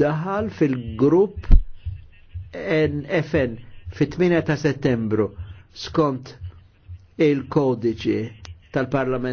daħal fil-grupp NFN fit-8 ta' settembru skont il-kodiċi tal-Parlament